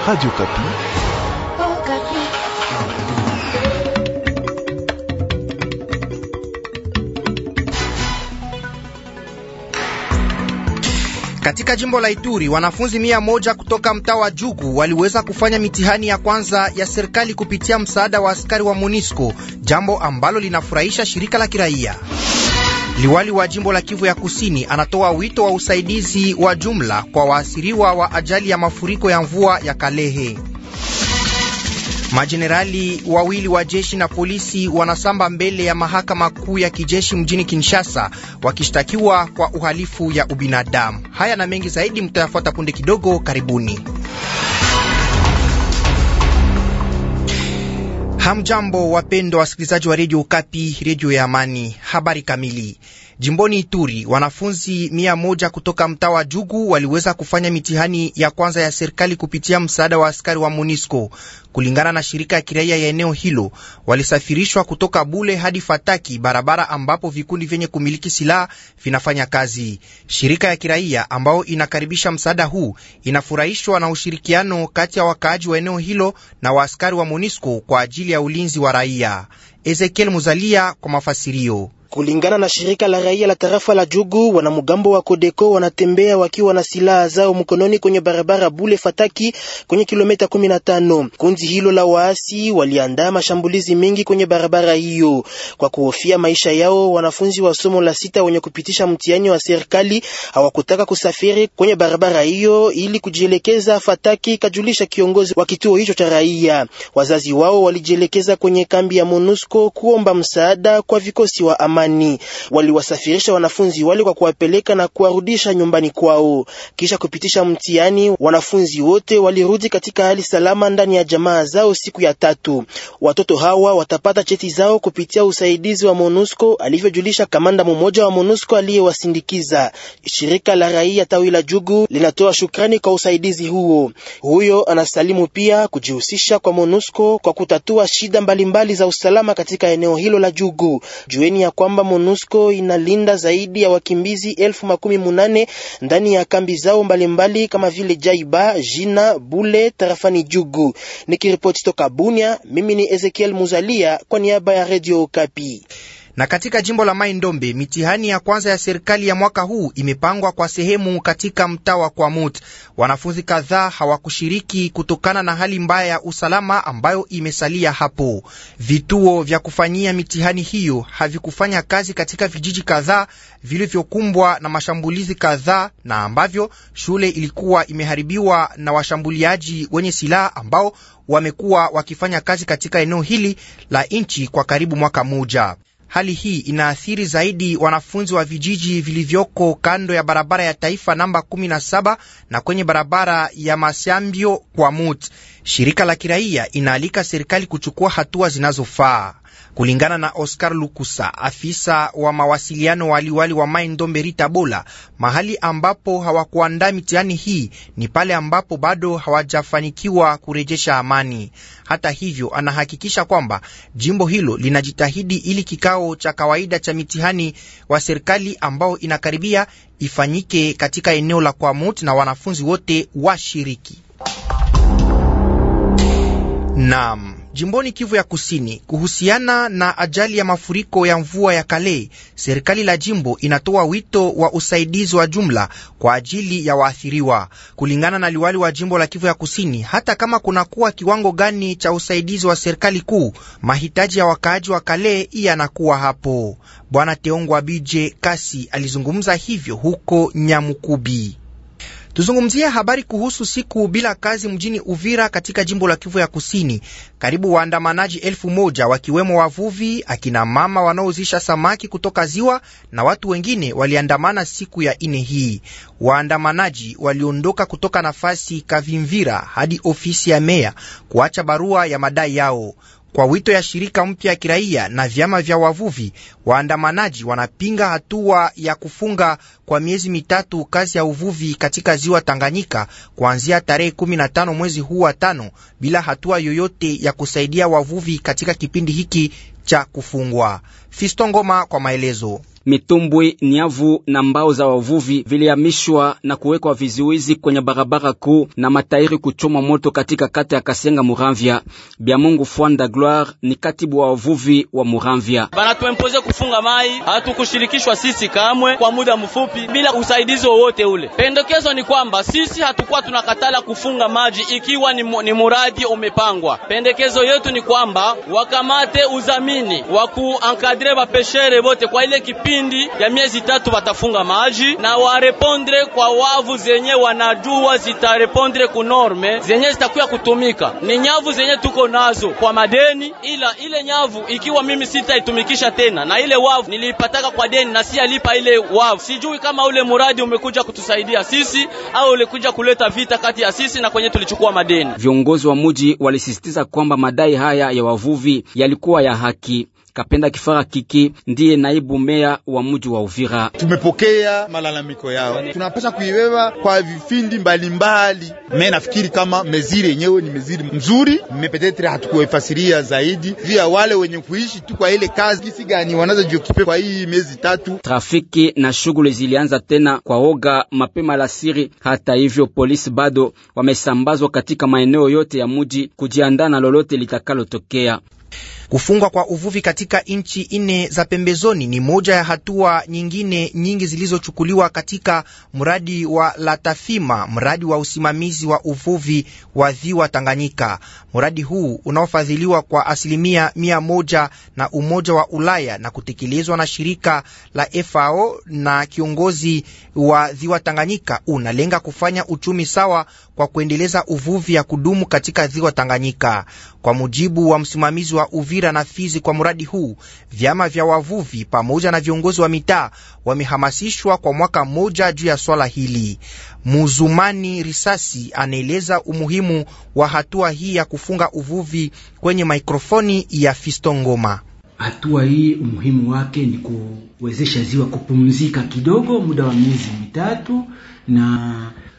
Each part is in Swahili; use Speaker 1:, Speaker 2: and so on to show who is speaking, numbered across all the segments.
Speaker 1: Radio Kapi.
Speaker 2: Oh, Kapi.
Speaker 3: Katika jimbo la Ituri, wanafunzi mia moja kutoka mtaa wa Jugu waliweza kufanya mitihani ya kwanza ya serikali kupitia msaada wa askari wa MONUSCO, jambo ambalo linafurahisha shirika la kiraia. Liwali wa jimbo la Kivu ya Kusini anatoa wito wa usaidizi wa jumla kwa waasiriwa wa ajali ya mafuriko ya mvua ya Kalehe. Majenerali wawili wa jeshi na polisi wanasamba mbele ya mahakama kuu ya kijeshi mjini Kinshasa wakishtakiwa kwa uhalifu ya ubinadamu. Haya na mengi zaidi mtayafuata punde kidogo. Karibuni. Hamjambo, wapendwa wasikilizaji wa redio Ukapi, redio ya amani. Habari kamili Jimboni Ituri, wanafunzi mia moja kutoka mtaa wa Jugu waliweza kufanya mitihani ya kwanza ya serikali kupitia msaada wa askari wa MONUSCO. Kulingana na shirika ya kiraia ya eneo hilo, walisafirishwa kutoka Bule hadi Fataki, barabara ambapo vikundi vyenye kumiliki silaha vinafanya kazi. Shirika ya kiraia ambayo inakaribisha msaada huu inafurahishwa na ushirikiano kati ya wakaaji wa eneo hilo na waaskari wa MONUSCO kwa ajili ya ulinzi wa raia. Ezekiel Muzalia kwa mafasirio.
Speaker 1: Kulingana na shirika la raia la tarafa la Jugu, wanamgambo wa Kodeko wanatembea wakiwa na silaha zao mkononi kwenye barabara Bule Fataki kwenye kilomita 15. Kundi hilo la waasi waliandaa mashambulizi mengi kwenye barabara hiyo. Kwa kuhofia maisha yao, wanafunzi wa somo la sita wenye kupitisha mtihani wa serikali hawakutaka kusafiri kwenye barabara hiyo ili kujielekeza Fataki, kajulisha kiongozi wa kituo hicho cha raia. Wazazi wao walijielekeza kwenye kambi ya MONUSCO kuomba msaada kwa vikosi wa ama amani. Waliwasafirisha wanafunzi wale kwa kuwapeleka na kuwarudisha nyumbani kwao. Kisha kupitisha mtihani, wanafunzi wote walirudi katika hali salama ndani ya jamaa zao siku ya tatu. Watoto hawa watapata cheti zao kupitia usaidizi wa MONUSCO, alivyojulisha kamanda mmoja wa MONUSCO aliyewasindikiza. Shirika la raia tawi la Jugu linatoa shukrani kwa usaidizi huo. Huyo anasalimu pia kujihusisha kwa MONUSCO kwa kutatua shida mbalimbali mbali za usalama katika eneo hilo la Jugu. Jueni ya kwamba kwamba MONUSCO inalinda zaidi ya wakimbizi elfu makumi munane ndani ya kambi zao mbalimbali mbali kama vile Jaiba, Jina, Bule, tarafani Jugu. Nikiripoti toka Bunia, mimi ni Ezekiel Muzalia kwa niaba ya Radio Okapi.
Speaker 3: Na katika jimbo la Mai-Ndombe, mitihani ya kwanza ya serikali ya mwaka huu imepangwa kwa sehemu katika mtaa wa Kwamut. Wanafunzi kadhaa hawakushiriki kutokana na hali mbaya ya usalama ambayo imesalia hapo. Vituo vya kufanyia mitihani hiyo havikufanya kazi katika vijiji kadhaa vilivyokumbwa na mashambulizi kadhaa na ambavyo shule ilikuwa imeharibiwa na washambuliaji wenye silaha ambao wamekuwa wakifanya kazi katika eneo hili la nchi kwa karibu mwaka mmoja. Hali hii inaathiri zaidi wanafunzi wa vijiji vilivyoko kando ya barabara ya taifa namba 17 na kwenye barabara ya Masambio kwa Mut. Shirika la kiraia inaalika serikali kuchukua hatua zinazofaa. Kulingana na Oscar Lukusa, afisa wa mawasiliano wa liwali wa Mai Ndombe Rita Bola, mahali ambapo hawakuandaa mitihani hii ni pale ambapo bado hawajafanikiwa kurejesha amani. Hata hivyo, anahakikisha kwamba jimbo hilo linajitahidi ili kikao cha kawaida cha mitihani wa serikali ambao inakaribia ifanyike katika eneo la Kwamut na wanafunzi wote washiriki. Naam jimboni Kivu ya Kusini, kuhusiana na ajali ya mafuriko ya mvua ya Kale, serikali la jimbo inatoa wito wa usaidizi wa jumla kwa ajili ya waathiriwa. Kulingana na liwali wa jimbo la Kivu ya Kusini, hata kama kunakuwa kiwango gani cha usaidizi wa serikali kuu, mahitaji ya wakaaji wa Kale yanakuwa hapo. Bwana Teongwa Bije Kasi alizungumza hivyo huko Nyamukubi. Tuzungumzie habari kuhusu siku bila kazi mjini Uvira katika jimbo la Kivu ya Kusini. Karibu waandamanaji elfu moja wakiwemo wavuvi, akina mama wanaozisha samaki kutoka ziwa na watu wengine waliandamana siku ya ine hii. Waandamanaji waliondoka kutoka nafasi Kavimvira hadi ofisi ya meya kuacha barua ya madai yao. Kwa wito ya shirika mpya ya kiraia na vyama vya wavuvi, waandamanaji wanapinga hatua ya kufunga kwa miezi mitatu kazi ya uvuvi katika ziwa Tanganyika kuanzia tarehe 15 mwezi huu wa tano, bila hatua yoyote ya kusaidia wavuvi katika kipindi hiki cha kufungwa. Fisto Ngoma kwa maelezo
Speaker 4: mitumbwi, nyavu na mbao za wavuvi vilihamishwa na kuwekwa viziwizi kwenye barabara kuu na matairi kuchoma moto katika kata ya Kasenga Muramvya. Biamungu Fwanda Gloire ni katibu wa wavuvi wa Muramvya. Banatuempoze kufunga mai, hatukushirikishwa sisi kamwe kwa muda mfupi bila usaidizi wowote ule. Pendekezo ni kwamba sisi hatukuwa tunakatala kufunga maji ikiwa ni, ni muradi umepangwa. Pendekezo yetu ni kwamba wakamate uzamini wa kuankadre bapeshere bote kwa ile kipi kipindi ya miezi tatu watafunga maji na warepondre kwa wavu zenye wanajua zitarepondre ku norme zenye zitakuya kutumika. Ni nyavu zenye tuko nazo kwa madeni, ila ile nyavu ikiwa mimi sitaitumikisha tena, na ile wavu nilipataka kwa deni na sialipa ile wavu, sijui kama ule muradi umekuja kutusaidia sisi au ulikuja kuleta vita kati ya sisi na kwenye tulichukua madeni. Viongozi wa muji walisisitiza kwamba madai haya ya wavuvi yalikuwa ya haki. Kapenda Kifara Kiki ndiye naibu meya wa mji wa Uvira.
Speaker 5: Tumepokea malalamiko yao, tunapasha kuibeba kwa vifindi mbalimbali. Me nafikiri kama meziri yenyewe ni meziri mzuri, mepetetre hatukuefasiria zaidi ya wale wenye kuishi tu kwa ile kazi kisi gani wanaza jiokipe kwa hii miezi tatu.
Speaker 4: Trafiki na shughuli zilianza tena kwa oga mapema siri. Hata hivyo, polisi bado wamesambazwa katika maeneo yote ya mji kujiandaa na lolote litakalotokea.
Speaker 3: Kufungwa kwa uvuvi katika nchi nne za pembezoni ni moja ya hatua nyingine nyingi zilizochukuliwa katika mradi wa Latafima, mradi wa usimamizi wa uvuvi wa ziwa Tanganyika. Mradi huu unaofadhiliwa kwa asilimia mia moja na Umoja wa Ulaya na kutekelezwa na shirika la FAO na kiongozi wa ziwa Tanganyika unalenga kufanya uchumi sawa kwa kuendeleza uvuvi ya kudumu katika ziwa Tanganyika. Kwa mujibu wa msimamizi wa uvuvi Uvira na Fizi kwa mradi huu, vyama vya wavuvi pamoja na viongozi wa mitaa wamehamasishwa kwa mwaka mmoja juu ya swala hili. Muzumani Risasi anaeleza umuhimu wa hatua hii ya kufunga uvuvi kwenye mikrofoni ya Fisto Ngoma.
Speaker 4: Hatua hii umuhimu wake ni kuwezesha ziwa kupumzika kidogo muda wa miezi mitatu, na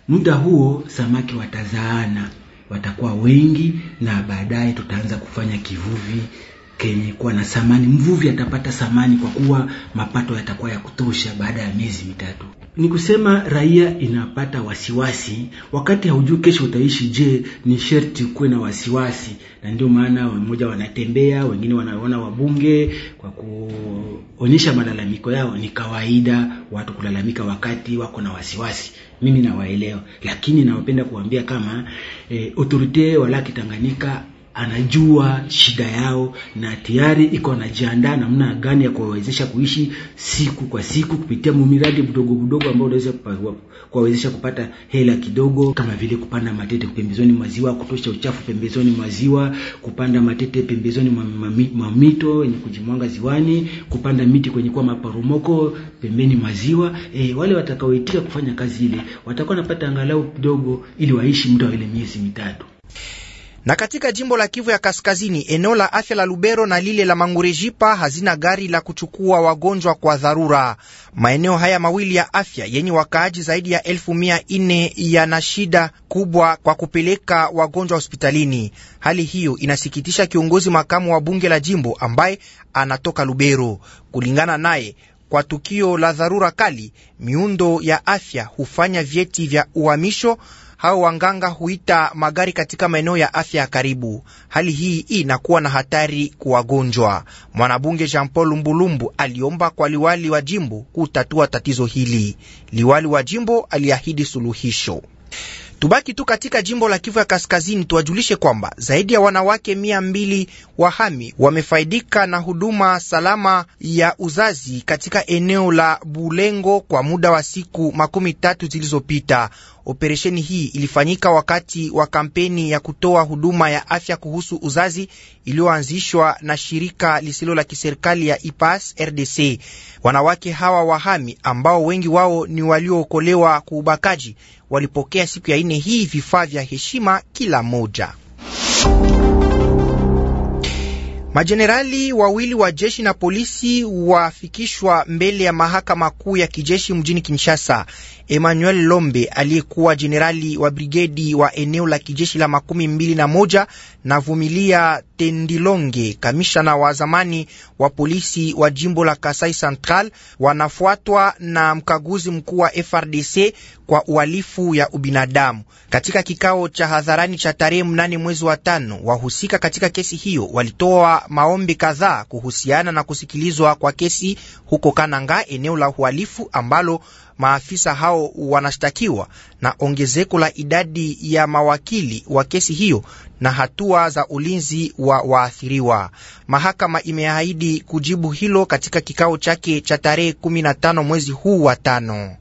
Speaker 4: muda huo samaki watazaana, watakuwa wengi, na baadaye tutaanza kufanya kivuvi kenye kuwa na samani. Mvuvi atapata samani kwa kuwa mapato yatakuwa ya kutosha baada ya miezi mitatu. Ni kusema raia inapata wasiwasi, wakati haujui kesho utaishi. Je, ni sherti kuwe na wasiwasi, na ndio maana mmoja wanatembea, wengine wanaona wabunge kwa kuonyesha malalamiko yao. Ni kawaida watu kulalamika wakati wako na wasiwasi. Mimi nawaelewa, lakini nawapenda kuambia kama e, autorite wala Kitanganyika anajua shida yao na tayari iko anajiandaa namna gani ya kuwawezesha kuishi siku kwa siku kupitia miradi mdogo mdogo ambao unaweza kuwawezesha kupata hela kidogo, kama vile kupanda matete pembezoni mwa ziwa, kutosha uchafu pembezoni mwa ziwa, kupanda matete pembezoni mwa mito yenye kujimwanga ziwani, kupanda miti kwenye kwa maporomoko pembeni mwa ziwa. E, wale watakaoitika kufanya kazi ile watakuwa napata angalau kidogo ili waishi muda wa ile miezi mitatu.
Speaker 3: Na katika jimbo la Kivu ya Kaskazini, eneo la afya la Lubero na lile la Mangurejipa hazina gari la kuchukua wagonjwa kwa dharura. Maeneo haya mawili ya afya yenye wakaaji zaidi ya elfu mia nne yana shida kubwa kwa kupeleka wagonjwa hospitalini. Hali hiyo inasikitisha kiongozi makamu wa bunge la jimbo ambaye anatoka Lubero. Kulingana naye kwa tukio la dharura kali, miundo ya afya hufanya vyeti vya uhamisho hao wanganga huita magari katika maeneo ya afya ya karibu. Hali hii inakuwa na hatari kuwagonjwa. Mwanabunge Jean Paul Lumbulumbu aliomba kwa liwali wa jimbo kutatua tatizo hili. Liwali wa jimbo aliahidi suluhisho. Tubaki tu katika jimbo la Kivu ya Kaskazini, tuwajulishe kwamba zaidi ya wanawake mia mbili wahami wamefaidika na huduma salama ya uzazi katika eneo la Bulengo kwa muda wa siku makumi tatu zilizopita. Operesheni hii ilifanyika wakati wa kampeni ya kutoa huduma ya afya kuhusu uzazi iliyoanzishwa na shirika lisilo la kiserikali ya IPAS RDC. Wanawake hawa wahami ambao wengi wao ni waliookolewa kwa ubakaji walipokea siku ya nne hii vifaa vya heshima kila moja. Majenerali wawili wa jeshi na polisi wafikishwa mbele ya mahakama kuu ya kijeshi mjini Kinshasa. Emmanuel Lombe aliyekuwa jenerali wa brigedi wa eneo la kijeshi la makumi mbili na moja na Vumilia Tendilonge, kamishana wa zamani wa polisi wa jimbo la Kasai Central, wanafuatwa na mkaguzi mkuu wa FRDC kwa uhalifu ya ubinadamu. Katika kikao cha hadharani cha tarehe mnane mwezi wa tano, wahusika katika kesi hiyo walitoa maombi kadhaa kuhusiana na kusikilizwa kwa kesi huko Kananga, eneo la uhalifu ambalo maafisa hao wanashtakiwa na ongezeko la idadi ya mawakili wa kesi hiyo na hatua za ulinzi wa waathiriwa. Mahakama imeahidi kujibu hilo katika kikao chake cha tarehe 15 mwezi huu wa tano.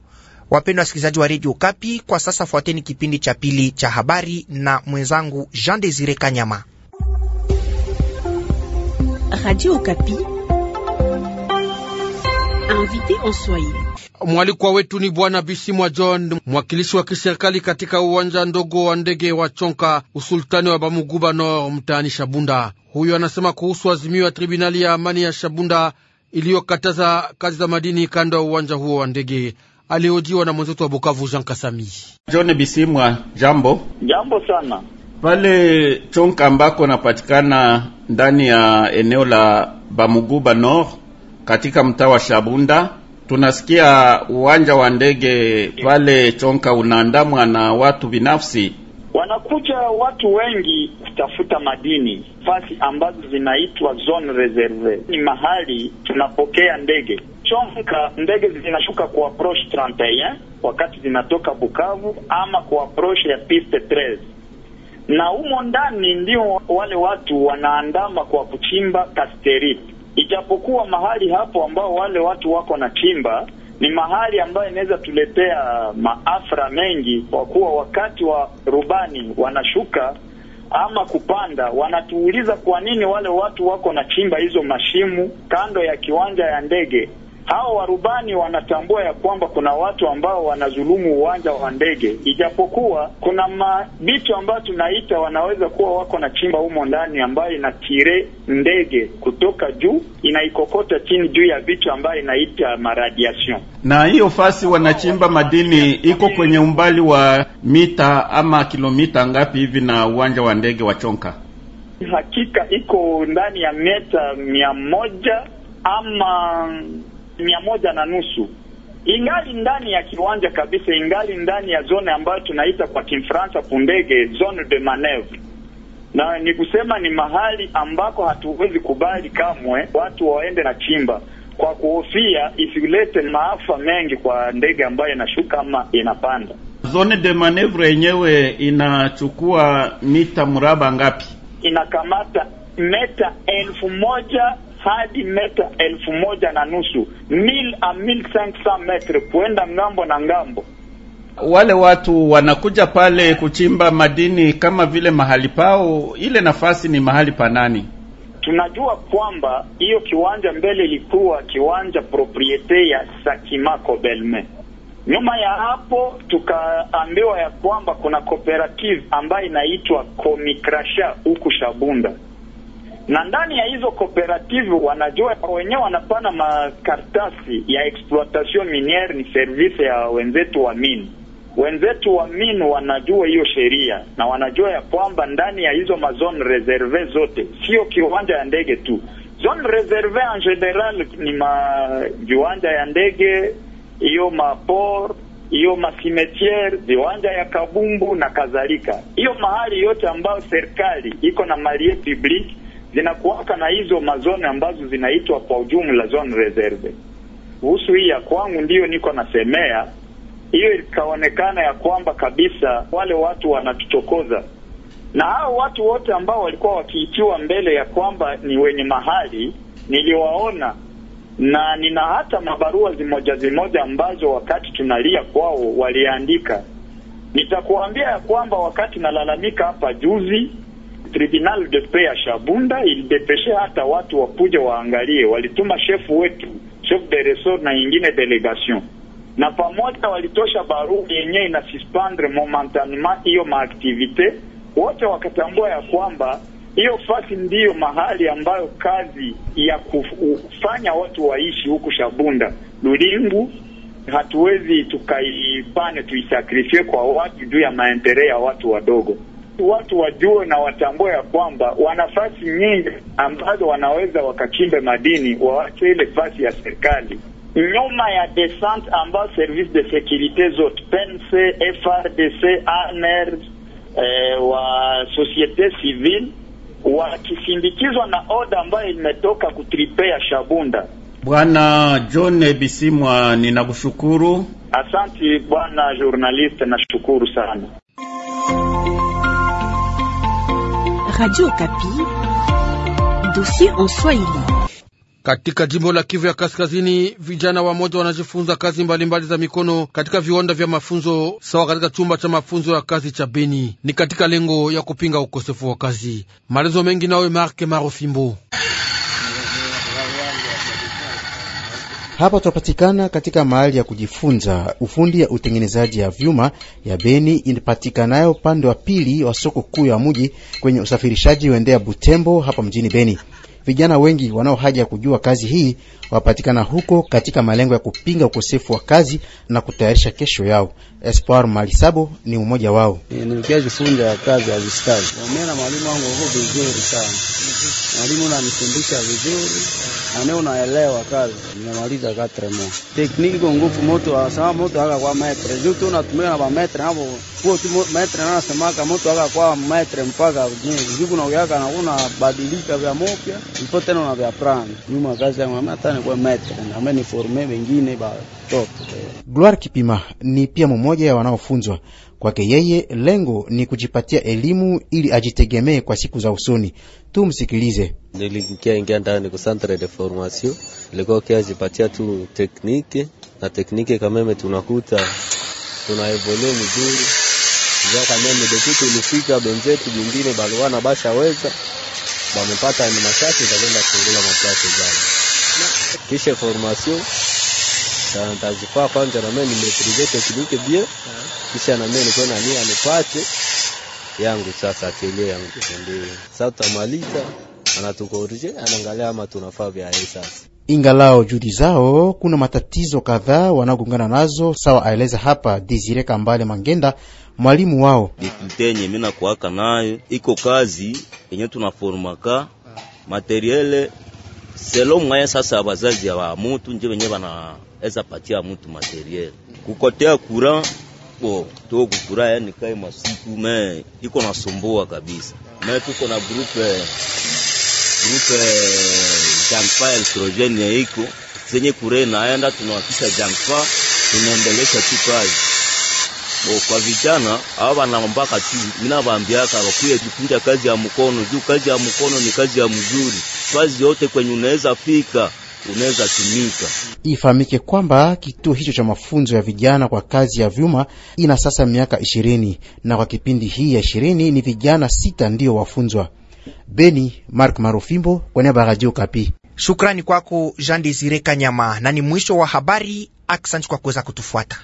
Speaker 3: Wapendwa wasikilizaji wa redio Kapi, kwa sasa fuateni kipindi cha pili cha habari na mwenzangu Jean Desire Kanyama. Radio Okapi invité en
Speaker 1: Mwalikwa wetu ni Bwana Bisimwa John, mwakilishi wa kiserikali katika uwanja ndogo wa ndege wa Chonka, usultani wa Bamuguba Nord, mtaani Shabunda. Huyo anasema kuhusu azimio ya tribunali ya amani ya Shabunda iliyokataza kazi za madini kando ya uwanja huo wa ndege. Aliojiwa na mwenzetu wa Bukavu, Jean Kasami.
Speaker 2: John Bisimwa, jambo.
Speaker 1: Jambo
Speaker 5: sana.
Speaker 2: Pale Chonka ambako napatikana ndani ya eneo la Bamuguba Nord katika mtaa wa Shabunda. Tunasikia uwanja wa ndege pale Chonka unaandamwa na watu binafsi,
Speaker 5: wanakuja watu wengi kutafuta madini fasi ambazo zinaitwa zone reserve, ni mahali tunapokea ndege Chonka. Ndege zinashuka kwa approach 31 wakati zinatoka Bukavu ama kwa approach ya piste 13 na humo ndani ndio wale watu wanaandama kwa kuchimba kasteriti, ijapokuwa mahali hapo ambao wale watu wako na chimba ni mahali ambayo inaweza tuletea maafra mengi, kwa kuwa wakati wa rubani wanashuka ama kupanda, wanatuuliza kwa nini wale watu wako na chimba hizo mashimu kando ya kiwanja ya ndege hao warubani wanatambua ya kwamba kuna watu ambao wanazulumu uwanja wa ndege, ijapokuwa kuna mabitu ambayo tunaita wanaweza kuwa wako na chimba humo ndani, ambayo inatire ndege kutoka juu inaikokota chini juu ya vitu ambayo inaita maradiation.
Speaker 2: Na hiyo fasi wanachimba madini iko kwenye umbali wa mita ama kilomita ngapi hivi na uwanja wa ndege wa Chonka?
Speaker 5: Hakika iko ndani ya meta mia moja ama mia moja na nusu ingali ndani ya kiwanja kabisa, ingali ndani ya zone ambayo tunaita kwa Kifaransa pundege zone de manevre, na ni kusema ni mahali ambako hatuwezi kubali kamwe watu waende na chimba kwa kuhofia isilete maafa mengi kwa ndege ambayo inashuka ama inapanda.
Speaker 2: Zone de manevre yenyewe inachukua mita mraba ngapi?
Speaker 5: Inakamata meta elfu moja hadi meta elfu moja na nusu mil a mil metre kuenda ngambo na ngambo.
Speaker 2: Wale watu wanakuja pale kuchimba madini kama vile mahali pao, ile nafasi ni mahali pa nani?
Speaker 5: Tunajua kwamba hiyo kiwanja mbele ilikuwa kiwanja propriete ya Sakimako Belme. Nyuma ya hapo tukaambiwa ya kwamba kuna cooperative ambayo inaitwa Komikrasha huku Shabunda na ndani ya hizo kooperative wanajua wenyewe wanapana makartasi ya exploitation miniere, ni service ya wenzetu wa mini. Wenzetu wa mini wanajua hiyo sheria na wanajua ya kwamba ndani ya hizo mazone reserve zote, sio kiwanja ya ndege tu. Zone reserve en general ni maviwanja ya ndege, hiyo mapor hiyo masimetiere viwanja ya kabumbu na kadhalika. Hiyo mahali yote ambayo serikali iko na mali public zinakuwaka na hizo mazone ambazo zinaitwa kwa ujumla zone reserve. Kuhusu hii ya kwangu, ndiyo niko nasemea hiyo, ikaonekana ya kwamba kabisa wale watu wanatuchokoza, na hao watu wote ambao walikuwa wakiitiwa mbele ya kwamba ni wenye mahali niliwaona na nina hata mabarua zimoja zimoja ambazo wakati tunalia kwao waliandika. Nitakuambia ya kwamba wakati nalalamika hapa juzi, tribunal de paix ya Shabunda ilidepeshe hata watu wakuja waangalie, walituma shefu wetu chef de resort na ingine delegation na pamoja walitosha barua yenye ina suspendre momentanement hiyo maaktivite. Wote wakatambua ya kwamba hiyo fasi ndiyo mahali ambayo kazi ya kufanya watu waishi huku Shabunda lulingu hatuwezi tukaipane tuisakrifie kwa watu juu ya maendeleo ya watu wadogo basi watu wajue na watambue ya kwamba wanafasi nyingi ambazo wanaweza wakachimbe madini, wawache ile fasi ya serikali nyuma ya descente ambao service de securite zote pense FRDC ANR eh, wa societe civile wakisindikizwa na oda ambayo imetoka kutripe ya Shabunda.
Speaker 2: Bwana John Bisimwa, ninakushukuru.
Speaker 5: Asante bwana journaliste, nashukuru sana.
Speaker 4: Radio Kapi, dossier en Swahili.
Speaker 1: Katika jimbo la Kivu ya Kaskazini, vijana wa moja wanajifunza kazi mbalimbali mbali za mikono katika viwanda vya mafunzo sawa katika chumba cha mafunzo ya kazi cha Beni, ni katika lengo ya kupinga ukosefu wa kazi. Maelezo mengi nawe Marke Marofimbo. Hapa tunapatikana katika mahali ya kujifunza
Speaker 6: ufundi ya utengenezaji ya vyuma ya Beni inapatikanayo upande wa pili wa soko kuu ya mji kwenye usafirishaji uendea Butembo hapa mjini Beni. Vijana wengi wanao haja ya kujua kazi hii wapatikana huko katika malengo ya kupinga ukosefu wa kazi na kutayarisha kesho yao. Espoir Malisabo ni mmoja wao. kazi ya
Speaker 2: Mwalimu wangu vizuri sana mwalimu nanifundisha vizuri ane unaelewa kazi nimemaliza katremo tekniki kwa nguvu moto asema moto kwa metre juu tu natumia na bametre hapo kuo tu metre na nanasemaka moto kwa metre mpaka juu kuna uyaka na nakuna badilika vya mopya ipo tena una vya prani nyuma kazi yamama kwa metre na ni nameniforme wengine batoto
Speaker 6: Gloire Kipima ni pia mmoja ya wanaofunzwa Kwake yeye lengo ni kujipatia elimu ili ajitegemee kwa siku za usoni. Tumsikilize.
Speaker 4: Nilikia ingia ndani ku centre de formation, ilikuwa kiajipatia tu tekniki na tekniki kameme, tunakuta tuna evolue mzuri ja kameme dekitu ulifika benzetu jingine baluana bashaweza bamepata ni mashati zakwenda kungula maplasi zao kisha formation na nitazifaa kwanza, mimi nimeprize teknike bien, kisha nami niko na nia anipate yangu sasa, atelier yangu ndio sasa. tamaliza anatukorije anaangalia ama tunafaa vya hii sasa
Speaker 6: ingalao juhudi zao, kuna matatizo kadhaa wanagongana nazo, sawa aeleza hapa Desire Kambale Mangenda, mwalimu wao.
Speaker 2: Difikulti yenye mimi nakuaka nayo iko kazi yenye tunaformaka materiele selo mwaya sasa, ya ya wa mutu nje wenye wana eza patia mutu materiel kukotea kuran bo to kufurahi yani kai e masiku me iko nasomboa kabisa me tuko na grupe grupe jampa electrogene ya iko zenye kure naenda tunawakisha jampa tunaendelesha tu kazi bo kwa vijana awa wanaombaka tu mina vaambiaka
Speaker 4: wakuye jifunza kazi ya mkono juu kazi ya mkono ni kazi ya mzuri kazi yote kwenye unaweza fika unaweza tumika.
Speaker 6: Ifahamike kwamba kituo hicho cha mafunzo ya vijana kwa kazi ya vyuma ina sasa miaka ishirini na kwa kipindi hii ya ishirini ni
Speaker 3: vijana sita ndiyo wafunzwa. Beni Mark Marufimbo kwa niaba ya Radio Kapi. Shukrani kwako Jean Desire Kanyama, na ni mwisho wa habari. Aksanti kwa kuweza kutufuata.